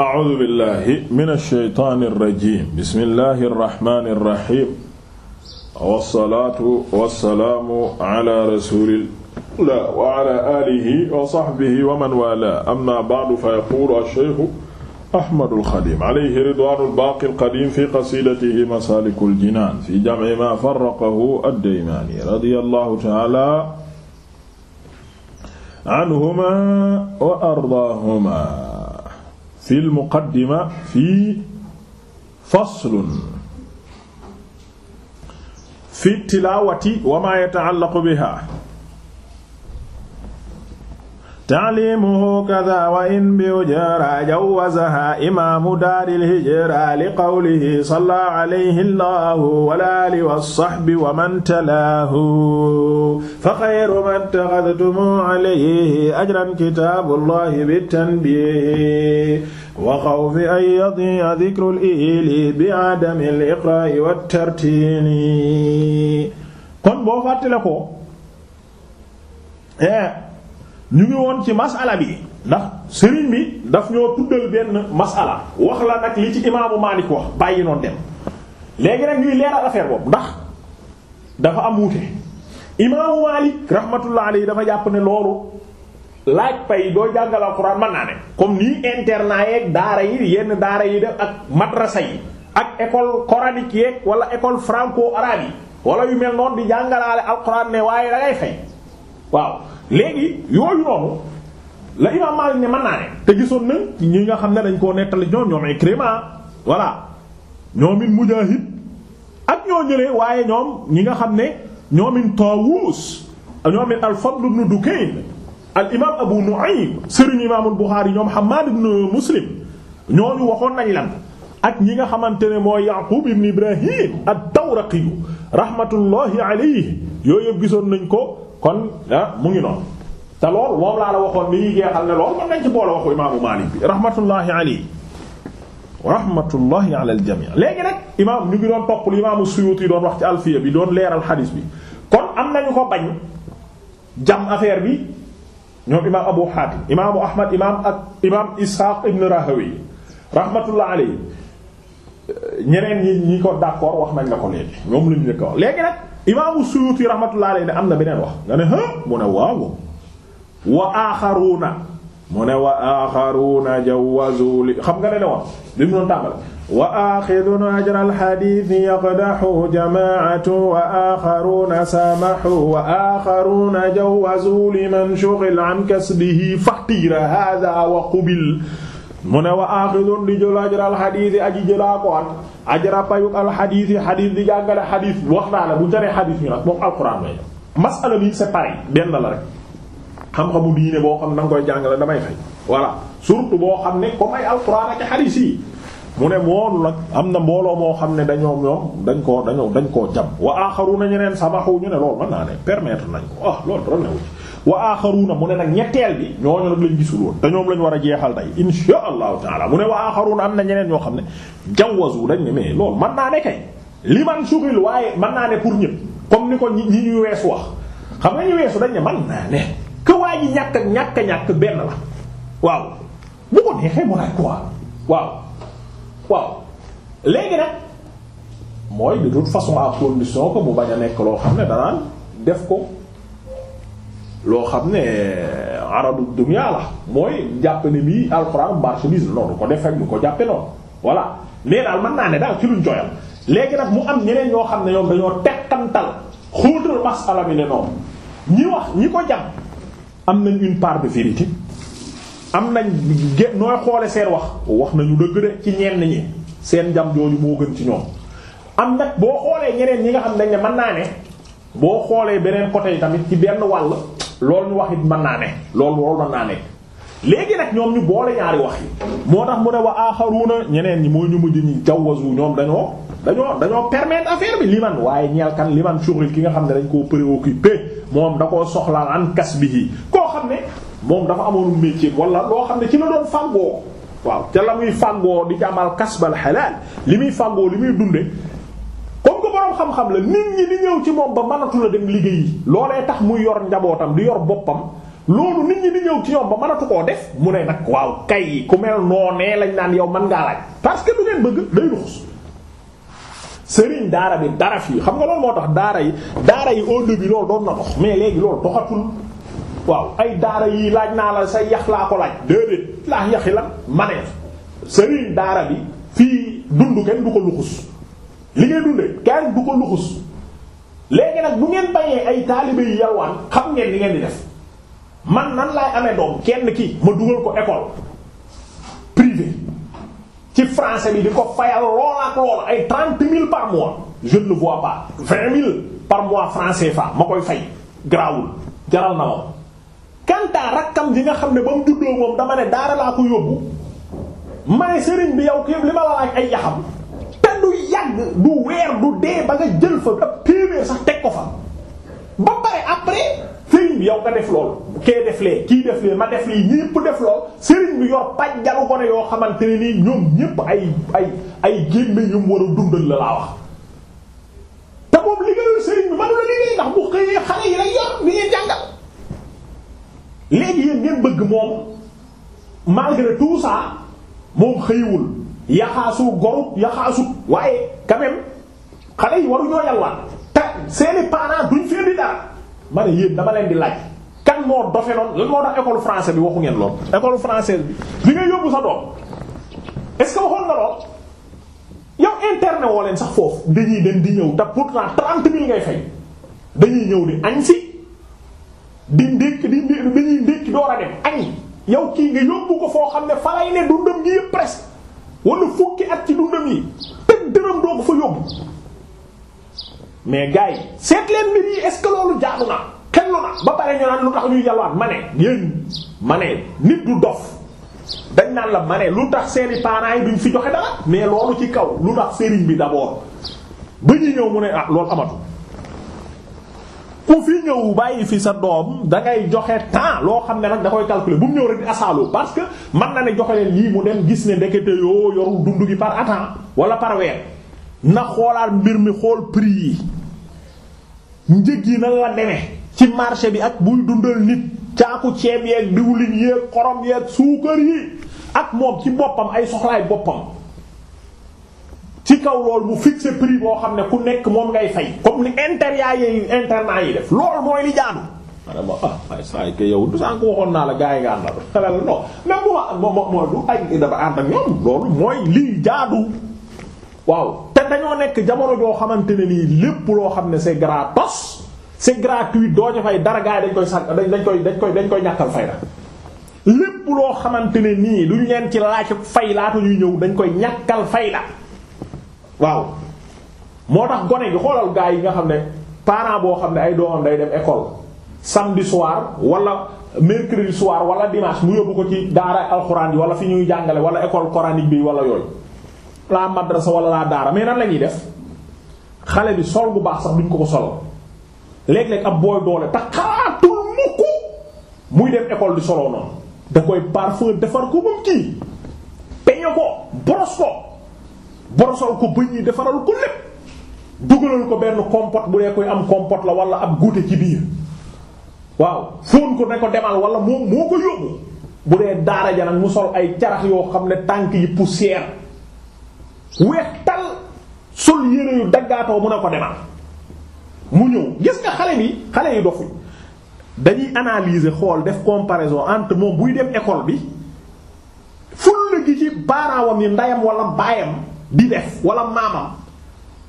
a'uudu billahi mina shaytaani rajiim bismillahi rahmaani rahiim wassalaatu wassalaamu ala rasuulillahi wa ala aalihi wa sahbihi wa man waalaahu amma ba'du fa yaquulu ash-shaykhu Ahmadul Xadiim alayhi ridwaanul baaqil qadiim fi qasiidatihi masaalikul jinaan fi jam'i maa farraqahu ad-Daymaani radiyallahu ta'aalaa anhumaa wa ardaahumaa fil muqaddima fii faslun fi tilaawati wa maa yata'allaqu bihaa taalimuhu kada wa in bi ujra jawazaha imaamu daaril hijra li qawlihi salla alayhi allahu wala ali wa sahbi wa man talaahu fa xayru man taxadtumu alayhi ajran kitaabullahi bitanbiihi wa xawfi an yadii'a dikrul iili bi adami al iqraa'i wat tartiili kon boo fàttale eh, ko ñu ngi woon ci masala bi ndax sëriñ bi daf ñoo tuddal benn masala wax la nag li ci imaamu Maalik wax bàyyi noonu dem léegi nag ñuy leeral affaire boobu ndax dafa am wuute imaamu Maalik rahmatullah alayhi dafa jàpp ne loolu laaj pay doo jàngal alxuraan mën naa ne comme nii internat yeeg daara yi yenn daara yi def ak madrasa yi ak école coranique yeeg wala école franco arabe yi wala yu mel noonu di jàngalaale alxuraan ne waaye da ngay waaw léegi yooyu noonu la imaam Maalik ne mën naa te gisoon na ñi nga xam ne dañ koo nettali ñoom ñoom Ikrima voilà ñoom it Mujaahid ak ñoo ñëlee waaye ñoom ñi nga xam ne ñoom it Taawuus ñoom it al-Fadl ibn Dukayn al imaam Abu Nu'aym sëriñ imaamul Buxaari ñoom Hammaad ibn Muslim ñooñu waxoon nañ lan ak ñi nga xamante ne mooy Yaqub ibn Ibrahim ad-Dawraqi rahmatullahi alayhi yooyu yëpp gisoon nañ ko. kon ah mu ngi noonu te lool moom laa la waxoon li ñuy jeexal ne lool man nañ ci boole waxu imaamu Maalik bi rahmatullahi alayhi wa rahmatullahi ala al jami' léegi nag imaam ñu ngi doon topp li imaamu Suyuti doon wax ci alfiya bi doon leeral xadiis bi kon am nañu ko bañ jam affaire bi ñoom imaam Abu Hatim imaamu Ahmad imaam ak imaam Ishaq ibn Rahawi rahmatullahi alayhi ñeneen ñi ñi ko d'accord wax nañ la ko léegi ñoom lañu la ko wax léegi nag imaamu Suyuti rahmatullahi alayhi ne am na beneen wax nga ne hë mu ne waaw wa aaxaruuna mu ne wa aaxaruuna jawazu li xam nga ne ne woon li mu doon tàmbale wa aaxidun ajra alxadiis yaqdaxu jamaatu wa aaxaruuna samaxu wa aaxaruuna jawazu liman shughil an kasbihi faxtiira haadaa wa qubil mu ne wa aaxidun di jël ajra alxadiis aji jëlaa ko an ajra payuk alxadiis yi xadiis di jàngale xadiis wax naa la bu jaree xadiis ñu nag moom alxuraan lay masala bi c'est pareil benn la rek xam-xamu diine boo xam ne da nga koy jàngale damay fay voilà surtout boo xam ne comme ay alxuraan ak xadiis yi mu ne moom nag am na mbooloo moo xam ne dañoo ñoom dañ ko dañoo dañ koo jam waa axaru na ñeneen samaxu ñu ne loolu mën naa ne permettre nañ ko ah loolu dara newu ci wa axaruuna mu ne nag ñetteel bi ñooñu nag lañu gisul te ñoom lañ war a jeexal tey insha allahu mu ne wa axaruuna am na ñeneen ñoo xam ne jawazu dañ ne mais loolu man naa ne kay li man suxil waaye mën naa ne pour ñëpp comme ni ko ñi ñu weesu wax xam nga ñu weesu dañ ne man naa ne que waa ji ñàkk a ñàkk a ñàkk benn la waaw bu ko neexee mu laaj quoi waaw waaw léegi nag mooy de façon à condition que mu bañ a nekk loo xam ne danaan def ko loo xam ne aradu dunya la mooy jàpp ne lii alxuraan marchandise la noonu ko def ak mu ko jàppe noonu voilà mais daal mën naa ne daal ci luñ jooyal léegi nag mu am ñeneen ñoo xam ne ñoom dañoo tekkantal xóotal masala bi ne noonu ñi wax ñi ko jàpp am nañ une part am nañ gé nooy xoole seen wax wax nañu dëgg de ci ñenn ñi seen jam jooju moo gën ci ñoom am nag boo xoolee ñeneen ñi nga xam dañ ne mën naa ne boo xoolee beneen côté yi tamit ci benn wàll loolu nu wax it mën naa ne loolu loolu mën naa ne léegi nag ñoom ñu boole ñaari wax yi moo tax mu ne wa na ñeneen ñi moo ñu mujj ñi jawwazu ñoom dañoo dañoo dañoo permettre affaire bi liman waaye ñeel kan liman shughul ki nga xam ne dañ koo préoccupé moom da koo soxlaal an kasbihi koo xam ne moom dafa amoon métier wala loo xam ne ci la doon fàngoo waaw ca la muy fàngoo di ci amal kasbal halal li muy fàngoo li muy dunde boroom xam-xam la nit ñi di ñëw ci moom ba mënatu la dem liggéeyi loolee tax muy yor njabootam di yor boppam loolu nit ñi di ñëw ci ñoom ba mënatu koo def mu ne nag waaw kay ku mel noonee lañ naan yow mën ngaa laaj parce que lu ngeen bëgg day luxus sëriñ daara bi dara fii xam nga loolu moo tax daara yi daara yi au début loolu doon na dox mais léegi loolu doxatul waaw ay daara yi laaj naa la say yax laa ko laaj déedéet laax yaxi lan manee sëriñ daara bi fii du li ngay dundee gars yi du ko luxus léegi nag bu ngeen bàyyee ay taalibe yi yalwaan xam ngeen li ngeen di def man nan laay amee doom kenn ki ma dugal ko école privée ci français bi di ko fayal lool ak lool ay trente mille par mois je ne le vois pas vingt mille par mois francs fa ma koy fay grawul jaral na ma kantaa rakkam ji nga xam ne ba mu juddoo moom dama ne daara laa ko yóbbu ma ne bi yow ki li ma la laaj ay yaxam te du yàgg du weer du dee ba nga jël fa ab téeméer sax teg ko fa ba pare après sëriñ bi yow nga def loolu kee def lee kii def lee ma def lii ñépp def loolu sëriñ bi yor paj jaru ko ne yoo xamante ne nii ñoom ñépp ay ay ay génne ñoom war a dundal la laa wax te moom liggéeyul sëriñ bi manu la liggéey ndax bu xëyee xale yi lay yor li ngeen bëgg moom malgré moom xëyiwul yaxaasu gorut yaxaasu waaye quand même xale yi waruñoo yalwaan te seeni parents duñ fee di dara ma ne yéen dama leen di laaj kan moo dofe noonu lan moo tax école française bi waxu ngeen lool école française bi li ngay yóbbu sa doom est-ce que waxoon nga lool yow interne woo leen sax foofu dañuy dem di ñëw te pourtant trente mille ngay fay dañuy ñëw di añ si di ndékk di dañuy ndékki door a dem añ yow kii nga yóbbu ko foo xam ne falay ne dundam gi yëpp presque wala fukki at ci dundam yi te dërëm doo ko fa yóbbu mais gars yi seet leen mbir yi est-ce que loolu jaadu na xellu na ba pare ñu naan lu tax ñuy yalwaat ma ne yéen ma ne nit du dof dañ naan la ma ne lu tax seeni parents yi duñ fi joxe dara mais loolu ci kaw lu tax sëriñ bi d'abord ba ñuy ñëw mu ne ah loolu amatu ku fi ñëw bàyyi fi sa doom dangay joxe temps loo xam ne nag da koy calculer bu mu ñëw rek di asaaloo parce que man na ne joxe leen lii mu dem gis ne ndekete yoo yorul dund gi par temps wala par weer na xoolaat mbir mi xool prix yi njëg yi na la demee ci marché bi ak buy dundal nit caaku ceeb yeeg diwlin yeeg xorom yeeg suukar yi ak moom ci boppam ay soxlaay boppam. ci kaw loolu mu fixé prix boo xam ne ku nekk moom ngay fay comme ni intérieur yi internat yi def loolu mooy li jaadu. ma ne ah, waxoon naa la gars yi nga àndal xelal non mais bu ma ma ma mooy li jaadu. waaw te dañoo nekk jamono joo xamante ne nii lépp loo xam ne c'est gratos c'est gratuit doo ñu fay dara gars yi dañ koy sànq dañ koy dañ koy dañ koy ñàkkal fay la lépp loo xamante ne nii duñ leen ci laaj fay laata ñuy ñëw dañ koy ñàkkal fay la. waaw moo tax gone gi xoolal gaa yi nga xam ne parent boo xam ne ay doomam day dem école samedi soir wala mercredi soir wala dimanche mu yóbbu ko ci daara alxuraan yi wala fi ñuy jàngale wala école coranique bi wala yooyu la madrasa wala la daara mais nan la ñuy def xale bi sol bu baax sax duñ ko ko solo léeg-léeg ab booy doole tax xalaatul mukk muy dem école di solo noonu da koy parfum defar ko moom kii peñe ko boros ko borosal ko bëñ yi defaral ko lépp dugalal ko benn compote bu dee koy am compote la wala ab guute ci biir waaw fóon ko ne ko demal wala moom moo ko yóbbu bu dee daara ja nag mu sol ay carax yoo xam ne tànk yi poussière weex tal sol yére yu daggaatoo mun a ko demal mu ñëw gis nga xale bi xale yi dofuñ dañuy analyser xool def comparaison entre moom buy dem école bi ful gi ci baaraawam yi ndayam wala baayam di def wala maamam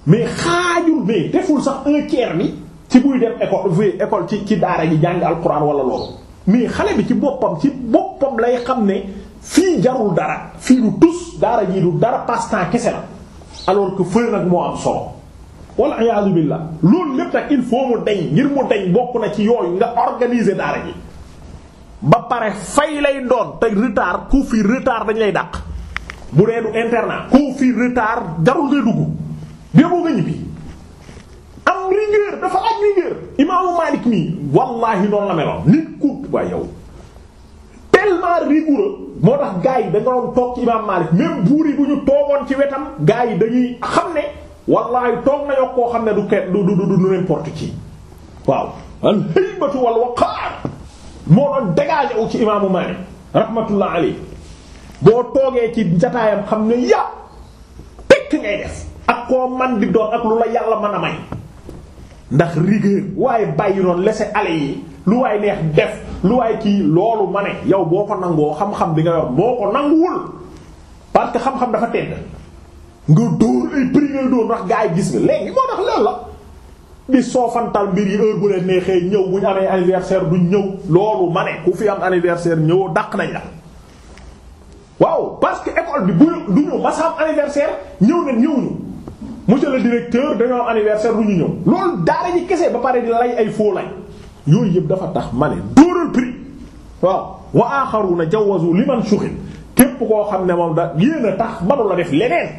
mais xaajul mais deful sax un tiers bi ci buy dem école école ci ci daara ji jàng alxuraan wala loolu mais xale bi ci boppam ci boppam lay xam ne fii jarul dara fii du tus daara ji du dara passe kese la alors que fëy nag moo am solo wal iyaadu billah loolu lépp nag il faut mu deñ ngir mu deñ bokk na ci yooyu nga organiser daara ji ba pare fay lay doon te retard ku fi retard dañ lay dàq bu dee du internat ku fi retard jarul ngay dugg bee boo nga ñibbi am rigueur dafa am rigueur imaamu Malik mii wallahi noonu la meloon nit ku waaye yow tellement rigoureux moo tax gaa yi dañoo doon toog ci imaam Malik même buur yi bu ñu toogoon ci wetam gars yi dañuy xam ne wallahi toog na yokk koo xam ne du du du du du n'importe waaw al haybatu wal waqaar moo doon dégagé wu ci imaamu Malik rahmatullah alayhi boo toogee ci jataayam xam ne ya tekk ngay def ak koo man di doon ak lu la yàlla mën a may ndax rigueur waaye bàyyi noonu laisser aller yi lu waay neex def lu waay kii loolu ma ne yow boo ko nangoo xam-xam bi nga yor boo ko nanguwul parce que xam-xam dafa tedd nga dóor ay prix ngay dóor gaa yi gis nga léegi moo tax loolu la di soofantal mbir yi heure bu leen neexee ñëw bu ñu amee anniversaire du ñëw loolu ma ne ku fi am anniversaire ñëwoo daq nañ la waaw parce que école bi bu du ñëw ba sa am anniversaire ñëw na ñëw ñu monsieur le directeur dañoo am anniversaire lu ñu ñëw loolu daara ji kese ba pare di lay ay faux lay yooyu yëpp dafa tax ma ne dóoral prix waaw wa axaruna li man suxin képp koo xam ne moom da yéen a tax manu la def leneen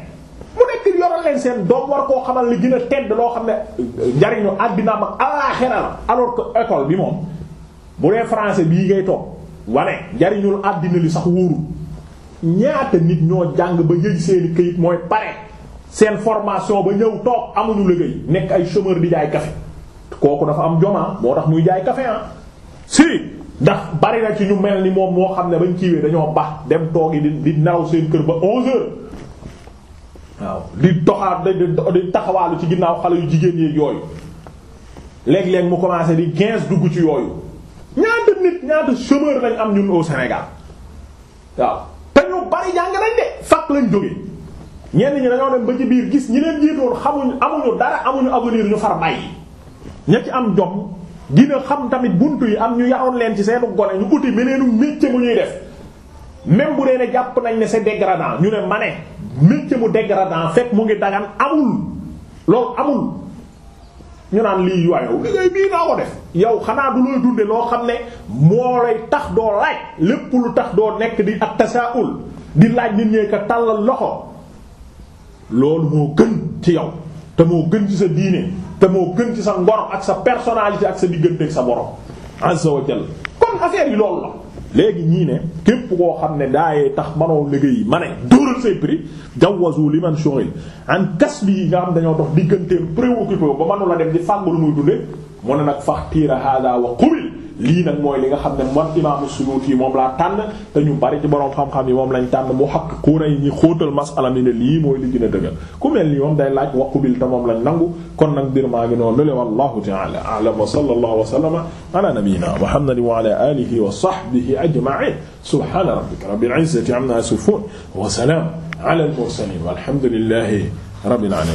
mu nekk yoral leen seen doom war koo xamal li gën a tedd loo xam ne euh, njariñu àddina ak alaaxira la alors que école bi moom bu dee français bii ngay toog wane njariñul àddina li sax wóorul ñaata nit ñoo jàng ba yëy seeni kayit mooy pare seen formation ba ñëw toog amuñu liggéey nekk ay chômeur di jaay café kooku dafa am jomaa moo tax muy jaay kafe ah si ndax bari na ci ñu mel ni moom moo xam ne bañ kiiwee dañoo bax dem toog yi di di naraw seen kër ba onze waaw di doxaat di taxawaalu ci ginnaaw xale yu jigéen yi yooyu léeg-léeg mu commencé di quinze dugg ci yooyu ñaata nit ñaata chômeur lañ am ñun au Sénégal waaw ñu bari jàng nañ de fakk lañ jógee ñenn ñi dañoo dem ba ci biir gis ñi leen jiitoon xamuñ amuñu dara amuñu avenir ñu far bàyyi ña am jom dina xam tamit buntu yi am ñu yaroon leen ci seenu gone ñu uti meneenu métier mu ñuy def même bu dee ne jàpp nañ ne c'est dégradant ñu ne ma ne métier mu dégradant fekk mu ngi dagan amul loolu amul ñu naan lii waayow liggéey bii naa ko def yow xanaa du looy dunde loo xam ne moo lay tax doo laaj lépp lu tax doo nekk di ak tasaul di laaj nit ñee ko tàllal loxo loolu moo gën ci yow te moo gën ci sa diine te moo gën ci sa ngor ak sa personnalité ak sa diggante ak sa borom azza wa jalla kon yi loolu la léegi ñii ne képp koo xam ne daayee tax manoo liggéey ma ne dóoral say prix jawazu li man shughil an kasbi yi nga xam dañoo dox digganteem préoccupé ba mënu dem di fàgg lu muy dundee mu ne nag fax tiira hada wa qubil lii nag mooy li nga xam ne man imaamu Suyuuti moom laa tànn te ñu bari ci boroom xam-xam yi moom lañ tànn mu xaq kuuna yi a xóotal masala mi ne lii mooy li gën a dëgër ku mel ni moom day laaj waqbil te moom lañ nangu kon nag mbir maa ngi noonu lole wallahu ta'ala a'lam wa sallallahu wa sallama ala nabiyyina Muhammad wa ala alihi wa sahbihi ajma'in subhana rabbika rabbil izzati amma yasifun wa salam ala al mursalin walhamdulillahi rabbil alamin